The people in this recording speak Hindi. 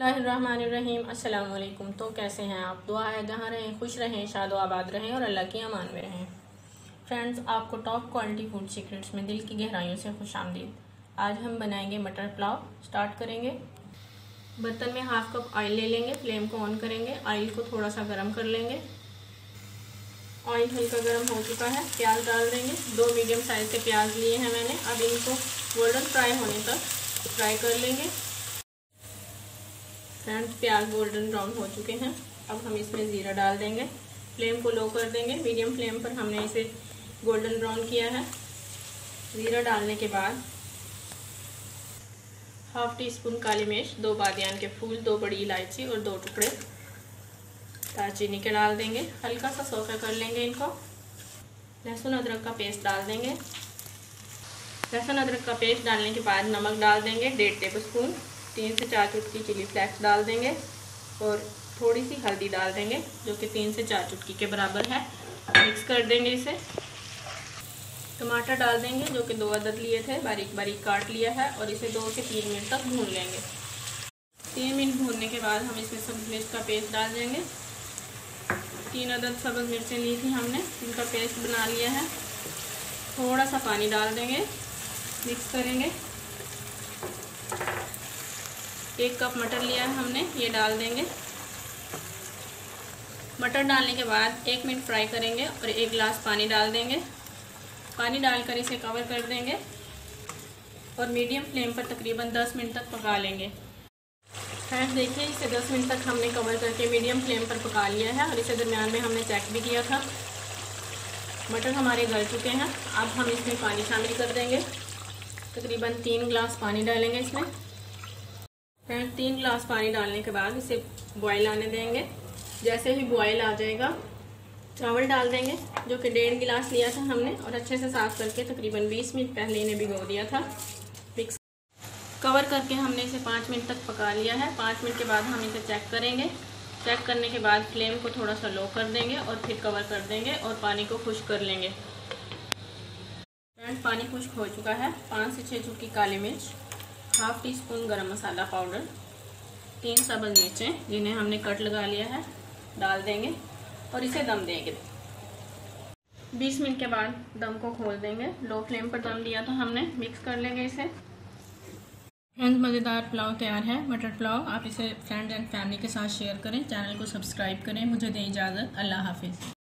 रहीम अस्सलाम वालेकुम तो कैसे हैं आप दुआ है जहाँ रहें खुश रहें शाद आबाद रहें और अल्लाह की अमान में रहें फ्रेंड्स आपको टॉप क्वालिटी फूड सीक्रेट्स में दिल की गहराइयों से खुश आमदीद आज हम बनाएंगे मटर पुलाव स्टार्ट करेंगे बर्तन में हाफ कप ऑयल ले लेंगे फ्लेम को ऑन करेंगे ऑयल को थोड़ा सा गर्म कर लेंगे ऑयल हल्का गर्म हो चुका है प्याज डाल देंगे दो मीडियम साइज़ के प्याज लिए हैं मैंने अब इनको गोल्डन फ्राई होने तक फ्राई कर लेंगे फ्रेंड्स प्याज गोल्डन ब्राउन हो चुके हैं अब हम इसमें ज़ीरा डाल देंगे फ्लेम को लो कर देंगे मीडियम फ्लेम पर हमने इसे गोल्डन ब्राउन किया है ज़ीरा डालने के बाद हाफ टी स्पून काली मिर्च दो बादियान के फूल दो बड़ी इलायची और दो टुकड़े दालचीनी के डाल देंगे हल्का सा सोखा कर लेंगे इनको लहसुन अदरक का पेस्ट डाल देंगे लहसुन अदरक का पेस्ट डालने के बाद नमक डाल देंगे डेढ़ टेबल स्पून तीन से चार चुटकी चिली फ्लेक्स डाल देंगे और थोड़ी सी हल्दी डाल देंगे जो कि तीन से चार चुटकी के बराबर है मिक्स कर देंगे इसे टमाटर डाल देंगे जो कि दो अदद लिए थे बारीक बारीक काट लिया है और इसे दो से तीन मिनट तक भून लेंगे तीन मिनट भूनने के बाद हम इसमें सब्ज मिर्च का पेस्ट डाल देंगे तीन अदद सब्ज मिर्चें ली थी हमने इनका पेस्ट बना लिया है थोड़ा सा पानी डाल देंगे मिक्स करेंगे एक कप मटर लिया है हमने ये डाल देंगे मटर डालने के बाद एक मिनट फ्राई करेंगे और एक गिलास पानी डाल देंगे पानी डालकर इसे कवर कर देंगे और मीडियम फ्लेम पर तकरीबन 10 मिनट तक पका लेंगे फ्रेंड्स देखिए इसे 10 मिनट तक हमने कवर करके मीडियम फ्लेम पर पका लिया है और इसे दरमियान में हमने चेक भी किया था मटर हमारे गल चुके हैं अब हम इसमें पानी शामिल कर देंगे तकरीबन तीन गिलास पानी डालेंगे इसमें फ्रेंड तीन गिलास पानी डालने के बाद इसे बॉयल आने देंगे जैसे ही बॉयल आ जाएगा चावल डाल देंगे जो कि डेढ़ गिलास लिया था हमने और अच्छे से साफ़ करके तकरीबन 20 मिनट पहले इन्हें भिगो दिया था मिक्स कवर करके हमने इसे पाँच मिनट तक पका लिया है पाँच मिनट के बाद हम इसे चेक करेंगे चेक करने के बाद फ्लेम को थोड़ा सा लो कर देंगे और फिर कवर कर देंगे और पानी को खुश कर लेंगे फ्रेंड पानी खुश्क हो चुका है पाँच से छः चुटकी काली मिर्च हाफ टी स्पून गर्म मसाला पाउडर तीन सबज मिर्चें जिन्हें हमने कट लगा लिया है डाल देंगे और इसे दम देंगे 20 मिनट के बाद दम को खोल देंगे लो फ्लेम पर दम दिया था तो हमने मिक्स कर लेंगे इसे फ्रेंड्स मज़ेदार पुलाव तैयार है मटर पुलाव आप इसे फ्रेंड्स एंड फैमिली के साथ शेयर करें चैनल को सब्सक्राइब करें मुझे दें इजाज़त अल्लाह हाफिज़